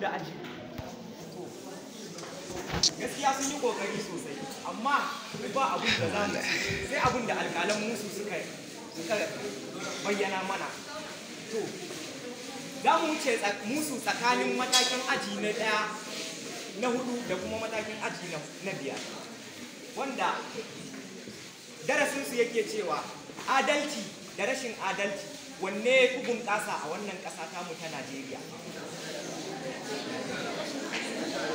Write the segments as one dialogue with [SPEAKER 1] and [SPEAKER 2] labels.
[SPEAKER 1] da aji gaskiya sun yi kokari sosai amma ba abun da za mu sai abun da alƙalan musu suka bayyana mana to za mu wuce musu tsakanin matakin aji na ɗaya na hudu da kuma matakin aji na biyar wanda darasinsu yake cewa adalci da rashin adalci wanne ya fi bunƙasa a wannan ƙasa tamu ta najeriya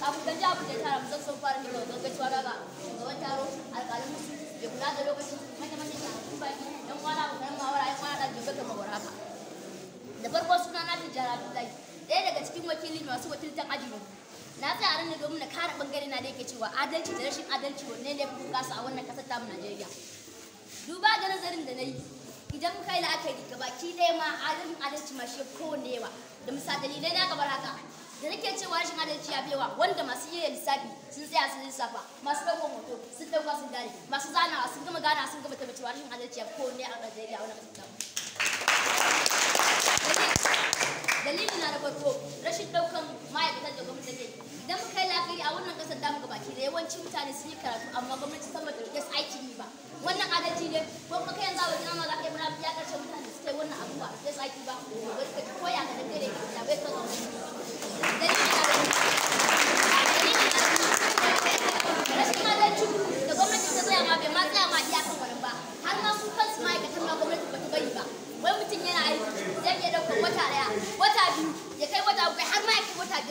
[SPEAKER 2] kafin ganja abin da ya tara musan sun fara nuna ba daga shugaban taro alƙalin da kula da lokacin manya manya ta hakan baki yan kwana ba karan mawara yan kwana da jirgin da mawara ba da farko suna na tijjara abdullahi ɗaya daga cikin wakilin masu wakiltan aji na tsaya a ranar domin na kare bangare na da yake cewa adalci da rashin adalci wanne ne fi kasa a wannan ƙasar tamu najeriya duba ga nazarin da na yi idan muka yi la'akari gabaki ɗaya ma adalcin adalci ma shi kowanne yawa da misali dalilai na gabar haka da nake cewa rashin adalci ya bewa wanda masu yi lissafi sun tsaya sun lissafa masu ɗaukar hoto sun dauka sun gane masu zanawa sun gama gana sun gama tabbacewa rashin adalci ya ko ne a Najeriya wani ƙasar ta Dalili na da farko rashin daukan ma'aikatan da gwamnati take idan muka yi la'akari a wannan ƙasar tamu gabaki da yawancin mutane sun yi karatu amma gwamnati sama da rikes aikin yi ba wannan adalci ne ko kuma yanzu a wajen amma za ka yi murabi ya karshe mutane su kai wannan abubuwa rikes aiki ba ko ya ga ka dangare ka bai ka zama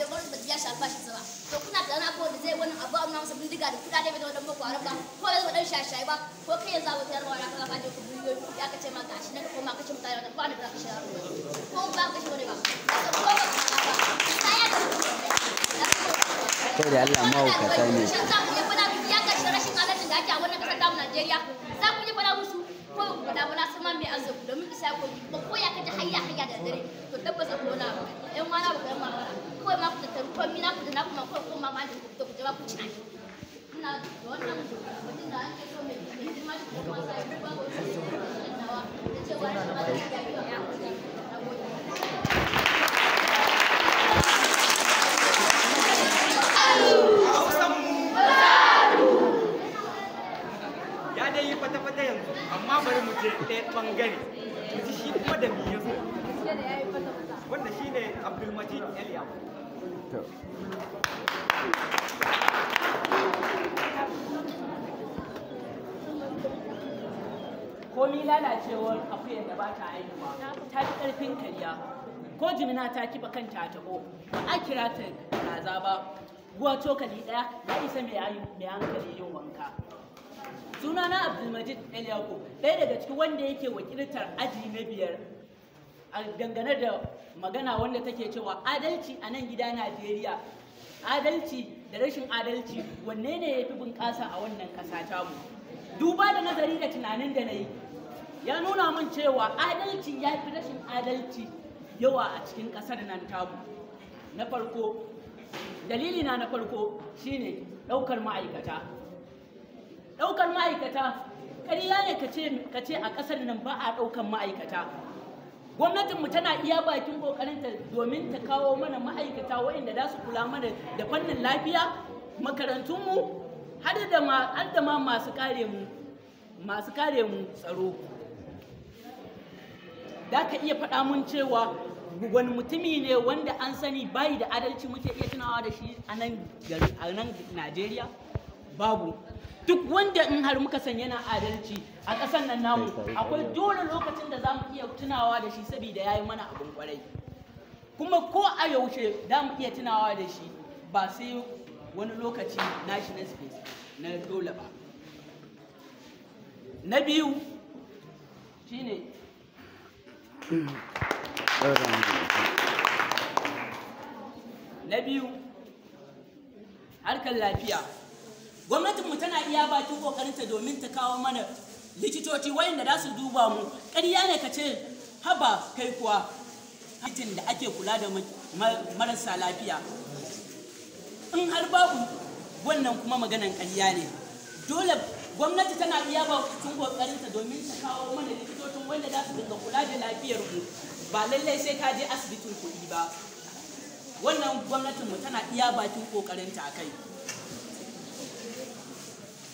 [SPEAKER 2] bai gwamnati ba biya shi ba to kuna tsaron abubuwan da zai wani abu a masa bindiga da kuɗaɗe bai zama dan boko ba ko bai shashai ba ko kai tayar aka ma gashi ka koma kashe mutane ba da ko ba wani ba
[SPEAKER 3] kai da Allah mahaukata ne. Shin
[SPEAKER 2] za ku musu ya rashin adalcin da ake a wannan ƙasar tamu Najeriya? Za ku musu ko ma mai arziki. shago ba ko ya kaji hayya hayya da dare to tabbas a ba ma ku ko ku da na ko ma ma da ku ku ku ci ai ina da wannan mutum da so hidima shi ba ko shi da cewa shi ma da ya
[SPEAKER 1] yi ya dai yi fata-fata yanzu amma bari mu je ɗaya ɓangare ya zo wanda abdulmajid
[SPEAKER 3] komi lalacewar akuyar da ba ta haihuwa ta fi ƙarfin karya ko jimina ta kiba kanta ta ko ba a kira ta kaza ba ruwa cokali ɗaya ya isa mai hankali yin wanka sunana abdulmajid el yakub ɗaya daga cikin wanda yake wakiltar aji na biyar a dangane da magana wanda take cewa adalci a nan gida najeriya adalci da rashin adalci wanne ne ya fi bunƙasa a wannan ƙasa tamu duba da nazari da tunanin da na yi ya nuna min cewa adalci ya fi rashin adalci yawa a cikin ƙasar nan tamu na farko dalili na na farko shine ɗaukar ma'aikata daukar ma'aikata ƙarya ne ka ce a ƙasar nan ba a ɗaukar ma'aikata gwamnatinmu tana iya bakin ƙoƙarinta domin ta kawo mana ma'aikata waɗanda za su kula mana da fannin lafiya makarantunmu har da ma masu kare mu masu kare mu tsaro da ka iya faɗa mun cewa wani mutumi ne wanda an sani bayi da adalci muke iya tunawa da shi a nan Najeriya babu duk wanda in har muka san yana adalci a ƙasar nan namu akwai dole lokacin da za mu iya tunawa da shi saboda ya yi mana abin kwarai kuma ko a yaushe za mu iya tunawa da shi ba sai wani lokaci national space na dole ba na biyu shine hmm. na biyu harkar lafiya gwamnatinmu tana iya bakin ƙoƙarinta domin ta kawo mana likitoci wayanda za su duba mu ƙarya ne ka ce haba kai kuwa hajjin da ake kula da marasa lafiya in har babu wannan kuma maganan ƙarya ne dole gwamnati tana iya bakin ƙoƙarinta domin ta kawo mana likitocin wanda za su dinga kula da lafiyar mu ba lallai sai ka je asibitin kuɗi ba wannan gwamnatinmu tana iya bakin ƙoƙarinta a kai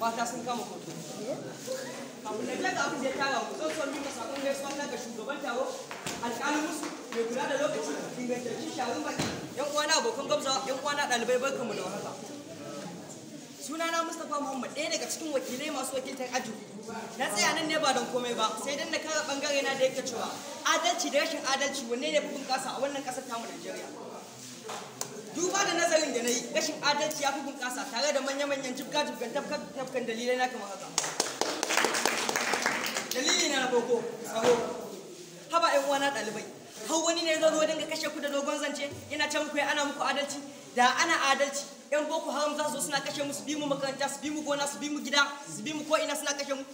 [SPEAKER 4] mata sun kama hoto kafin nan abin da ya tara mu zan son mika sakon gaisuwa na ga shugaban taro da lokaci yan uwana yan uwana ɗalibai barkanmu da warhaka sunana mustapha muhammad ɗaya daga cikin wakilai masu wakiltar aji na tsaya nan ne ba don komai ba sai dan na kara bangare na da yake cewa adalci da rashin adalci wanne ne fi bunƙasa a wannan tamu najeriya duba da nazarin da na yi rashin adalci ya fi bunƙasa tare da manya-manyan jibga jibgan tafkan dalilai na kamar haka dalili na farko tsaro haba yan uwana ɗalibai hau wani ne zo zo dinga kashe ku da dogon zance yana can muku eh, ana muku adalci da ana adalci yan boko haram za su suna kashe mu su bi mu makaranta su bi mu gona su bi mu gida su bi mu ko ina suna kashe mu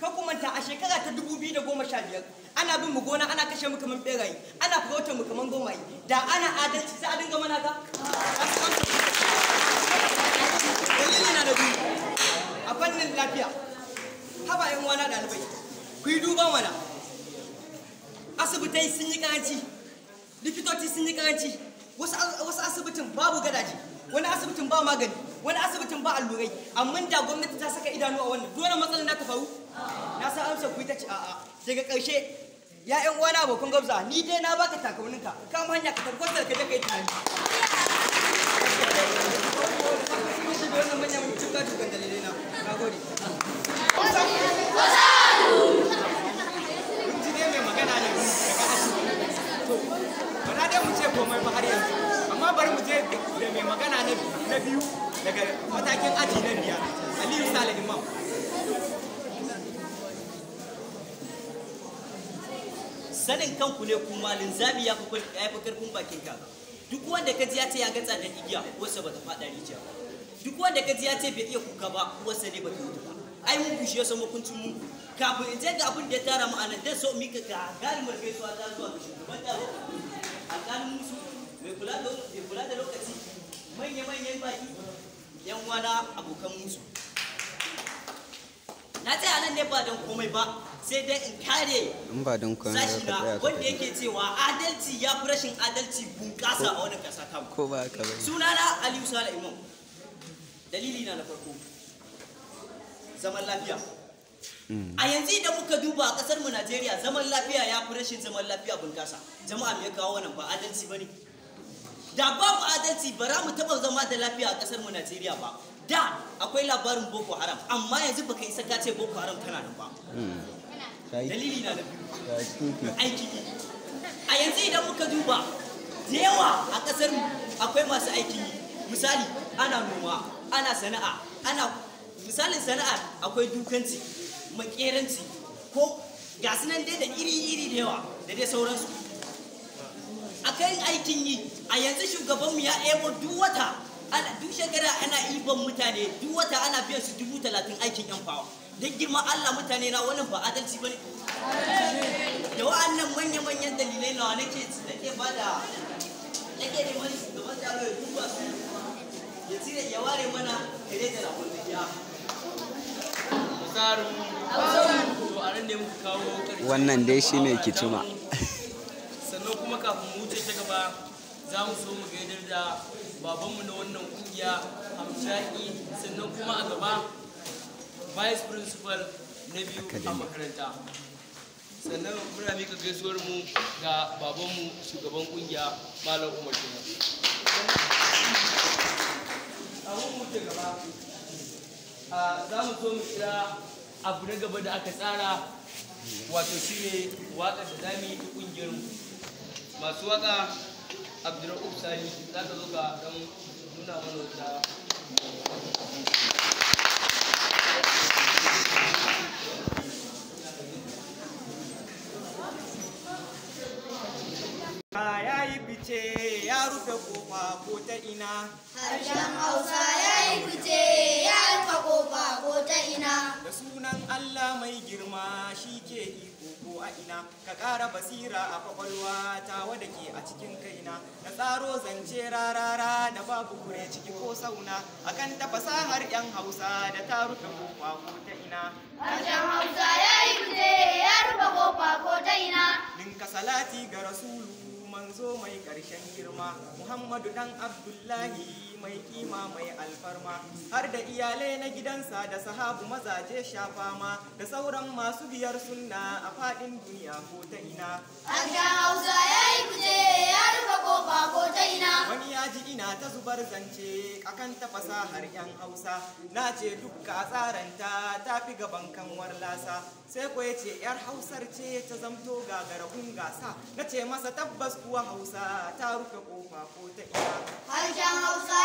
[SPEAKER 4] ka kumanta a shekara ta 2015 ana bin mu gona ana kashe mu kaman beraye ana farautar mu kaman gomaye da ana adalci za a dinga mana ka dalilin na da biyu a fannin lafiya haba yan wana ɗalibai ku yi duban mana asibitai sun yi karanci likitoci sun yi karanci wasu asibitin babu gadaji wani asibitin ba magani wani asibitin ba allurai amma da gwamnati ta saka idanu a wannan dole matsalar na ta faru na san amsa ku ta ce a'a daga karshe ya yan uwana abokan gabza ni dai na baka takalminka mu hanya ka ka je kai tunani bari mu je
[SPEAKER 1] da mai magana na biyu daga matakin aji na biyar aliyu salih imam
[SPEAKER 5] sanin
[SPEAKER 6] kanku ne kuma linzami ya fi karfin bakin ka duk wanda ka ji ya ce ya gatsa da igiya wasa ba ta faɗa rijiya ba duk wanda ka ji ya ce bai iya kuka ba wasa ne ba ta mutu ba ai mun kushe ya san hukuncin mu kafin in je ga abin da ya tara mu anan dan so mi ka galimar gaisuwa ta zuwa ga shugaban da alƙalin musu mai kula da mai kula da lokaci manya manyan baki yan wala abokan musu na tsaya nan ne ba dan komai ba sai dai in kare
[SPEAKER 3] in na wanda yake cewa
[SPEAKER 6] adalci ya fi rashin adalci bunƙasa a wani
[SPEAKER 1] kasa ta ko ba ka
[SPEAKER 6] Aliyu Sala Imam dalili na na farko zaman lafiya hmm. a yanzu idan muka duba a kasar mu Najeriya zaman lafiya ya fi rashin zaman lafiya bunƙasa jama'a me ya kawo wannan ba adalci ba ne. da babu adalci ba za mu taɓa zama da lafiya a kasar mu Najeriya ba da akwai labarin Boko Haram amma yanzu baka isa ka ce Boko Haram tana nan ba hmm. dalili na da biyu aiki
[SPEAKER 3] a yanzu idan muka duba
[SPEAKER 6] da yawa a ƙasar mu akwai masu aiki misali ana noma ana sana'a ana misalin sana'a akwai dukanci makeranci ko ga su nan dai da iri-iri da yawa da dai sauransu akan aikin yi a yanzu shugabanmu ya ebo duk wata duk shekara ana iban mutane duk wata ana biyan su dubu talatin aikin yan fawa don girma Allah mutane na wannan ba adalci bane da wa'annan manya-manyan dalilai nawa nake nake bada nake da wani shugaban taro ya duba su ya tsira ya ware mana kare da rabon da wannan dai shi ne kicima sannan kuma kafin mu wuce ta gaba za mu so mu gaidar da babanmu na wannan kungiya hamshaki sannan kuma a gaba vice principal na biyu a makaranta sannan muna mika gaisuwar mu ga babanmu shugaban kungiya malam umar kenan za mu so mu kira abu na gaba da aka tsara wato ne waƙar da zamu yi kungiyar mu masu waƙa abdurrauf sani za ka zo ka don nuna mana wata
[SPEAKER 1] rufe kofa ko ta ina.
[SPEAKER 5] Harshen Hausa ya yi
[SPEAKER 1] fice ya rufe kofa ko ta ina. Da sunan Allah mai girma shi ke iko ko a ina. Ka ƙara basira a kwakwalwa ta wada ke a cikin kaina. Na tsaro zance rarara da babu kure ciki ko sauna. Akan ta fasahar 'yan Hausa da ta rufe kofa ko ta ina. Harshen Hausa ya yi fice ya rufe kofa ko ta ina. Ninka salati ga Rasulu manzo mai ƙarshen girma muhammadu dan abdullahi mai kima mai alfarma har da iyalai na gidansa da sahabu mazaje shafa ma da sauran masu biyar sunna a faɗin duniya ko ta ina. Amina Hausa ya yi kuje ya rufe kofa ko ta ina. Wani ya ji ina ta zubar zance akan ta fasahar 'yan Hausa na ce dukka tsaranta ta fi gaban kanwar lasa sai ko ya ce 'yar Hausar ce ta zamto gagarahun gasa na ce masa tabbas kuwa Hausa ta rufe kofa ko ta ina.
[SPEAKER 7] Harshen Hausa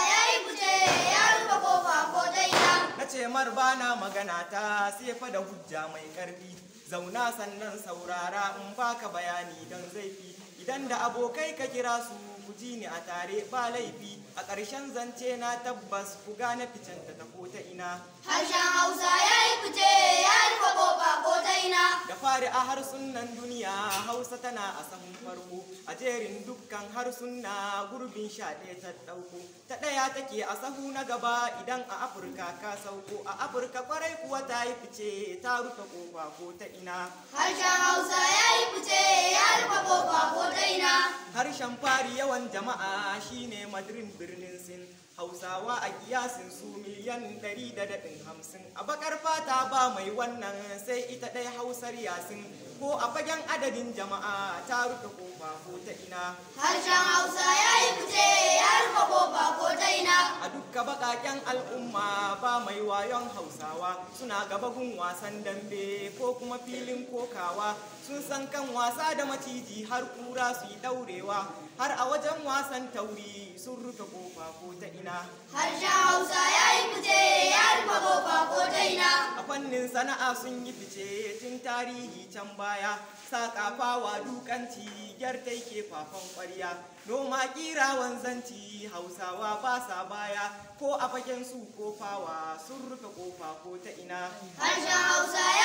[SPEAKER 1] mar bana magana ta sai fa da hujja mai karfi zauna sannan saurara in baka bayani don zaifi idan da abokai ka kira su ku ji a tare ba laifi a ƙarshen zance na tabbas ku gane ficen ta taho ta ina harshen hausa ya yi fice ya rufe kofa ko ta ina da fari a harsunan duniya hausa tana a sahun farko a jerin dukkan harsuna gurbin sha ɗaya ta ɗauko ta ɗaya take a sahu na gaba idan a afirka ka sauko a afirka kwarai kuwa ta yi fice ta rufe kofa ko ta ina
[SPEAKER 7] harshen hausa ya yi fice ya rufe kofa ko ta ina
[SPEAKER 1] harshen fari yawan jama'a shine madrid good news in hausawa a kiyasin su miliyan ɗari da daɗin hamsin a bakar fata ba mai wannan sai ita ɗaya hausar yasin ko a fagen adadin jama'a ta rufe kofa ko ta ina harshen hausa ya yi fice ya rufe kofa ko ta ina a dukka baƙaƙen al'umma ba mai wayon hausawa suna gaba gun wasan dambe ko kuma filin kokawa sun san kan wasa da maciji har kura su yi ɗaurewa har a wajen wasan tauri sun rufe kofa ko ta ina harshen hausa ya yi fice ya rufe kofa ko ta ina a fannin sana'a sun yi fice tun tarihi can baya saƙa fawa dukanci gyartai ke fafan ƙwarya noma ƙira wanzanci hausawa ba sa baya ko a fagen su ko fawa sun rufe kofa ko ta ina harshen hausa ya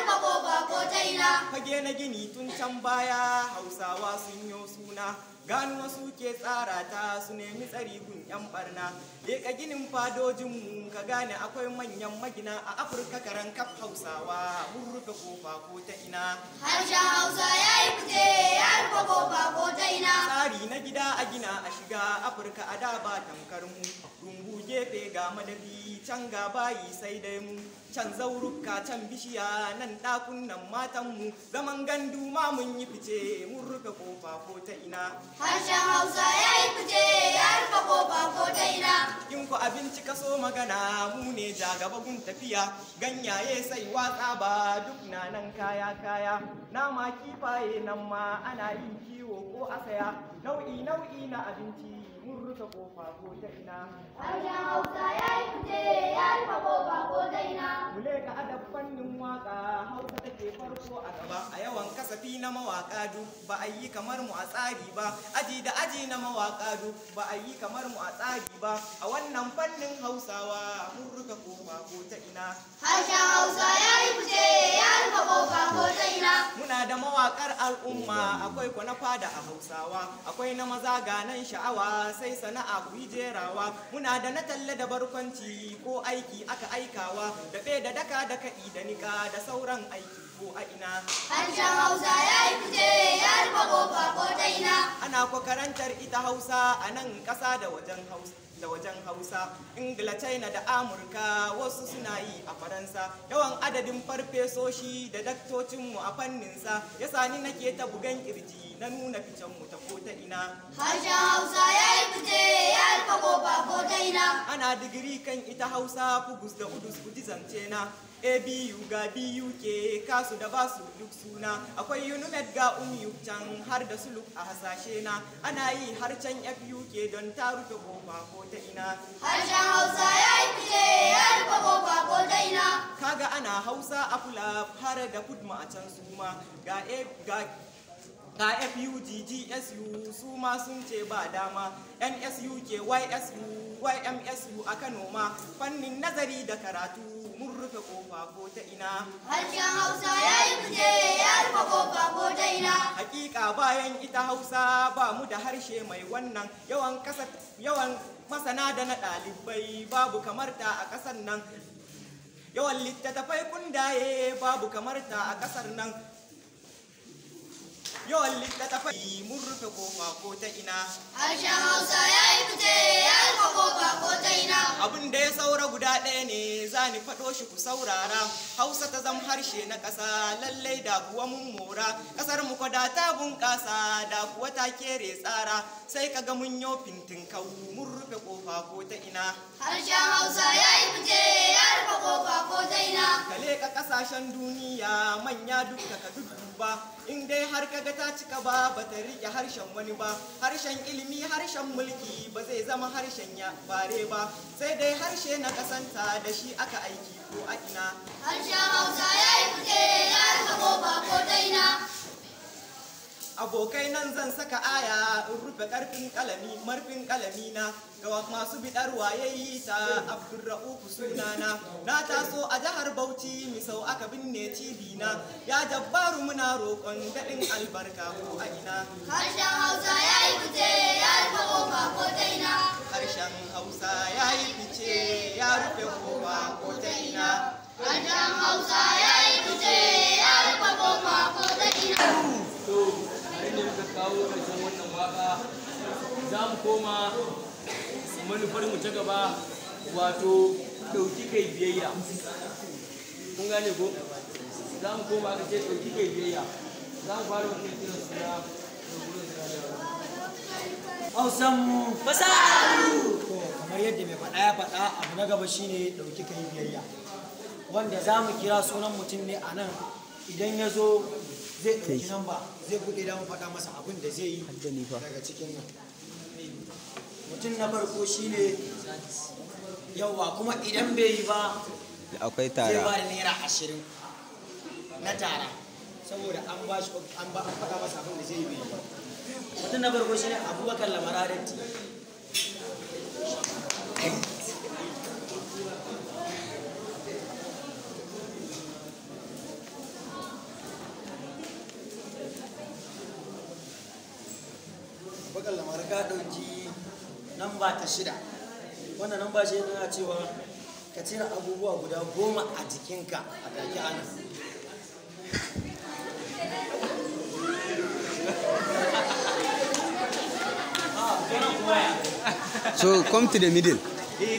[SPEAKER 1] ko bako fage na gini tun can baya hausawa sun yo suna gano wasu ke tsara ta su nemi tsari gun yan barna ka ginin fadojinmu ka gane akwai manyan magina a afirka karan kaf hausawa mun rufe kofa ko ta ina harshen hausa ya yi fice ya rufe kofa ko ta ina tsari na gida a gina a shiga afirka a da ba tamkar mu rumbu gefe ga madafi can ga bayi sai dai mu can zauruka can bishiya nan matan matanmu zaman gandu ma mun yi fice mun rufe kofa ko ta ina
[SPEAKER 7] harshen hausa ya yi fice ya rufe kofa ko ta ina
[SPEAKER 1] in ku abinci kaso magana mu ne ja gaba gun tafiya ganyaye sai watsa ba duk na nan kaya kaya nama kifaye nan ma ana yin kiwo ko asaya nau'i nau'i na abinci mun rufe kofa ko ta ina harshen hausa ya yi fice ya rufe kofa ko ta ina Mule ka adab fannin waka hausa take farko a gaba a yawan kasafi na mawaka duk ba a yi kamar mu a tsari ba aji da aji na mawaka duk ba a yi kamar mu a tsari ba a wannan fannin hausawa mun rufe kofa ko ta ina. Harshen hausa ya yi ya rufe kofa ko ta ina. Muna da mawakar al'umma akwai kwanafa da a hausawa akwai na maza ganan sha'awa sai sana'a ku yi jerawa muna da na talle da barkwanci ko aiki aka aikawa da fice da daka da ka'i da nika da sauran aiki ko a ina. Harshen Hausa ya yi fice ya rufe kofa ko ta ina. Ana ko ita Hausa a nan ƙasa da wajen Hausa. da wajen hausa ingila china da amurka wasu suna yi a faransa yawan adadin farfesoshi da daktocinmu a fanninsa ya sani nake ta bugan kirji na nuna ficenmu ta ko ta ina harshen hausa ya yi fice ya alfa ko ko ta ina ana digiri kan ita hausa fugus da udus fuji zance na abu eh, ga Buk kasu da basu duk suna akwai unumet ga umu can har da suluk a hasashe na ana yi har can fu don ta rufe kofa ko ta ina harshen hausa ya yi fice ya rufe kofa ko ta ina kaga ana hausa a kula har da kudma a can suma ga e, ga FUGGSU su ma sun ce ba dama NSU YSU YMSU a Kano ma fannin nazari da karatu mun rufe kofa ko ta ina harshen hausa ya yi fice ya rufe kofa ko ta ina hakika bayan ita hausa ba mu da harshe mai wannan yawan kasa yawan masana da na ɗalibai babu kamar ta a ƙasar nan yawan littattafai kundaye babu kamar ta a ƙasar nan yawan littattafai mun rufe kofa ko ta ina.
[SPEAKER 7] Harshen Hausa ya yi fice ya rufe kofa ko ta ina.
[SPEAKER 1] Abin da ya saura guda ɗaya ne za ni faɗo shi ku saurara. Hausa ta zama harshe na ƙasa lallai da kuwa mun mora. Ƙasar mu kwada ta bunƙasa da kuwa ta kere tsara. Sai ka ga mun yo fintin mun rufe kofa ko ta ina. Harshen Hausa ya yi fice ya rufe kofa ko ta ina. Kale ka ƙasashen duniya manya dukka ka duk in dai har ka ga ta cika ba ba ta riƙe harshen wani ba harshen ilimi harshen mulki ba zai zama harshen ya bare ba sai dai harshe na kasanta da shi aka aiki ko a ina harshen hausa ya yi fice ya rika ko daina abokai nan zan saka aya in rufe karfin kalami marfin kalami na ga masu bidar wayayi ta abdurra'uku sunana na taso a jihar bauchi misau aka binne cibi na ya jabbaru muna roƙon daɗin albarka ko a ina harshen hausa ya yi fice ya rufe kofa ko ta ina harshen hausa ya yi fice ya rufe kofa ko ta ina harshen hausa ya yi fice ya
[SPEAKER 6] rufe kofa ko ta ina kawo ƙarshen wannan waka za mu koma manufar mu ta gaba wato ɗauki kai biyayya kun gane ko za mu koma ka ce ɗauki kai biyayya za mu fara wani kiran suna mu fasaru kamar yadda mai faɗa ya faɗa abu na gaba shine ɗauki kai biyayya wanda za mu kira sunan mutum ne a nan idan ya zo zai ɗauki nan ba zai buɗe damar faɗa masa abin da zai yi daga cikin nan mutum na farko shi ne yawa kuma idan bai yi ba
[SPEAKER 1] akwai tara zai ba da
[SPEAKER 6] naira ashirin na tara saboda an ba shi an ba an faɗa masa abin da zai yi bai yi mutum na farko shi shine abubakar lamaradatti namba ta shida wannan namba ce yana cewa ka cire abubuwa guda goma a jikinka a ana
[SPEAKER 3] so come to the middle
[SPEAKER 6] eh,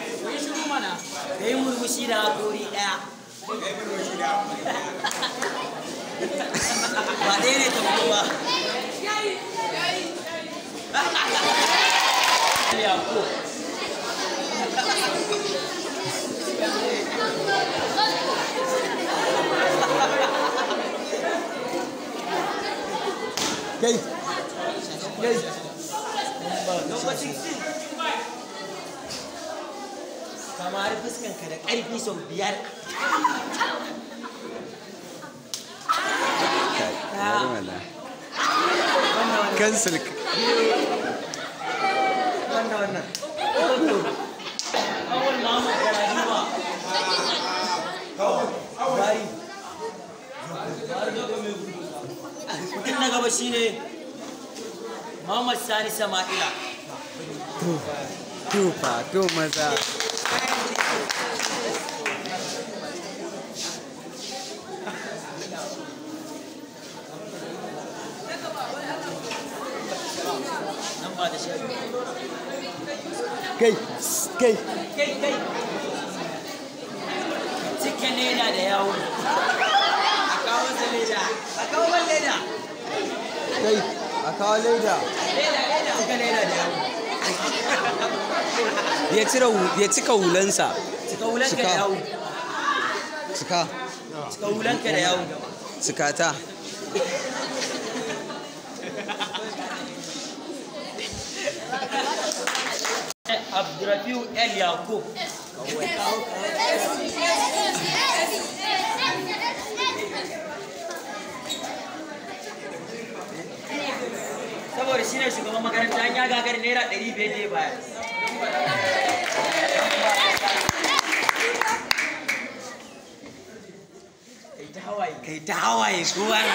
[SPEAKER 4] Kun
[SPEAKER 3] shiru mana? Ka i murmushi da haƙori
[SPEAKER 6] ɗaya. Ka i murmushi da haƙori ɗaya. Ba ɗ a y ne
[SPEAKER 3] ta ba. Yayi, yayi, yayi. Yayi,
[SPEAKER 5] Gel. Gel. Lokacin i n
[SPEAKER 6] samari fuskanka da ƙarfi sau biyar
[SPEAKER 5] kansil wannan wannan awon mamu yana duba
[SPEAKER 4] bari mutum na gaba shine Muhammad Sani Sama'ila.
[SPEAKER 5] Tufa, tufa, to maza. kai kai
[SPEAKER 6] kai kai cikin leda da yawo a kawo leda a kawo leda
[SPEAKER 5] kai a kawo leda
[SPEAKER 6] leda leda cikin leda da yawo ya cire ya cika hulansa cika hulanka da yawo cika
[SPEAKER 7] cika hulanka da yawo
[SPEAKER 6] cika ta El Yakub.
[SPEAKER 4] Saboda shi ne shugaban makaranta an ya gagar naira ɗari biyar baya.
[SPEAKER 6] Kai Hawaii, hawaye. Hawaii, suara.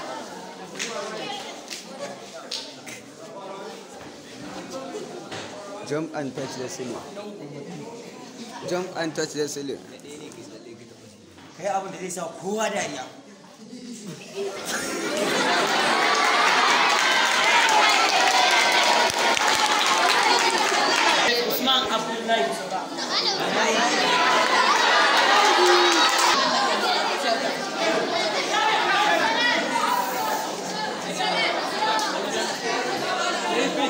[SPEAKER 3] Jump and touch the ceiling. Jump and touch the ceiling. Hey,
[SPEAKER 6] Kai abin da zai sa kowa dariya.
[SPEAKER 3] Usman Abdullahi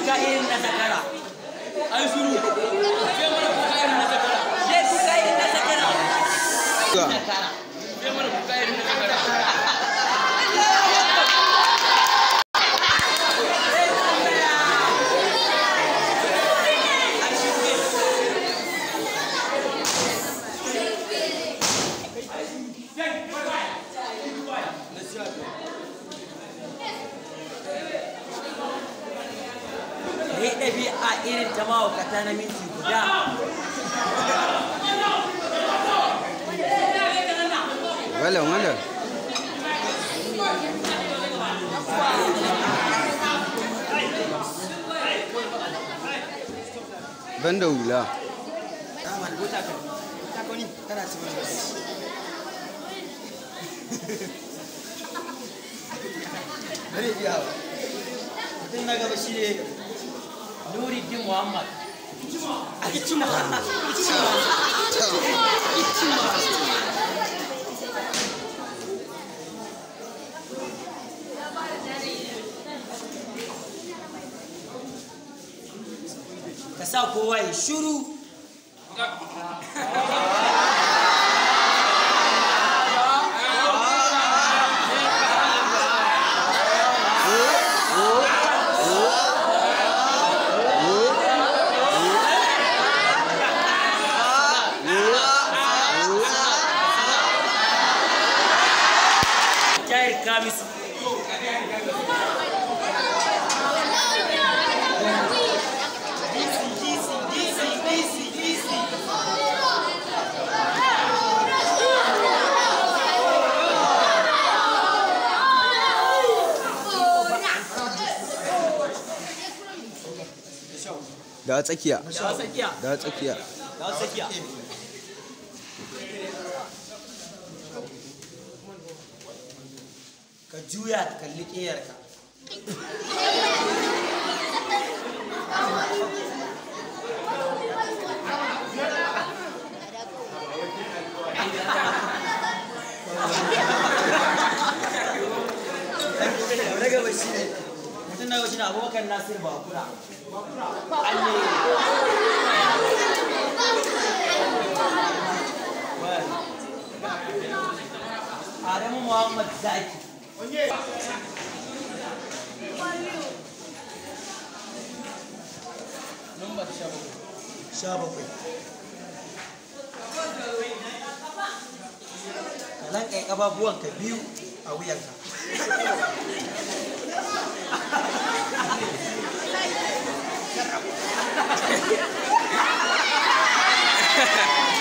[SPEAKER 3] Ka irin na sakara. Jésù ka
[SPEAKER 5] yi ele na sakara.
[SPEAKER 6] إنك بشير نور الدين محمد
[SPEAKER 5] إجمع ka
[SPEAKER 6] sa kowa ya shuru da tsakiya da tsakiya da tsakiya ka juya ka kalli ƙeyarka Thank you. na yau shine abubakar nasir
[SPEAKER 5] bakura adamu muhammad
[SPEAKER 6] zaki Number biyu a wuyanka Yeah.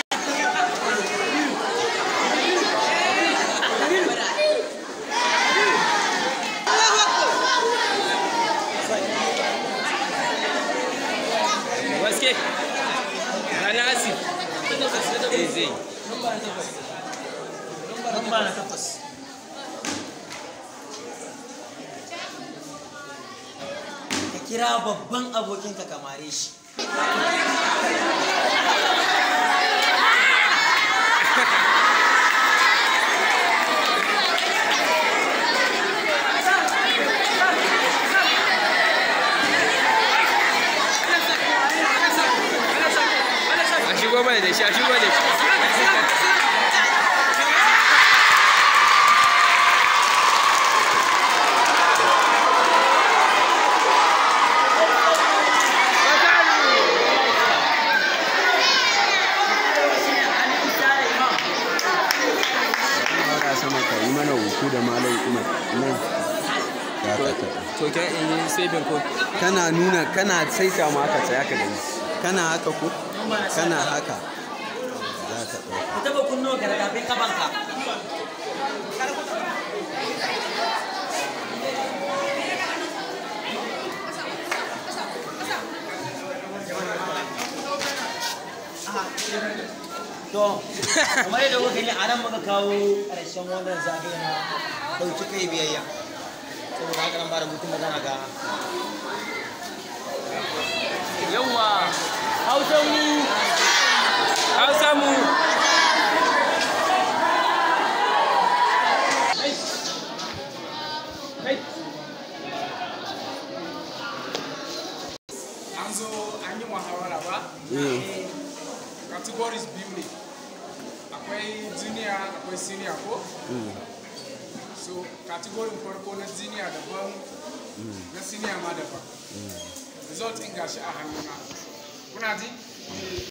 [SPEAKER 6] babban abokinka kamare shi
[SPEAKER 5] a shigo mai da shi a shigo da
[SPEAKER 6] nuna kana saita ma aka tsaya ka gani kana haka ko kana haka
[SPEAKER 4] za ka ɗauka ita ba kunno gargabin kafanka
[SPEAKER 6] To, kuma yadda kuka gani a nan muka kawo ƙarshen wannan zagaye na ɗauki kai biyayya. Saboda haka nan ba da mutum magana ga
[SPEAKER 3] yawa hausan mu hausan mu
[SPEAKER 2] an zo muhawara ba hmm. eh, categories biyu ne akwai junior akwai senior ko hmm. so category farko na junior daban hmm. na senior ma daban results in gashi a hannuna kuna ji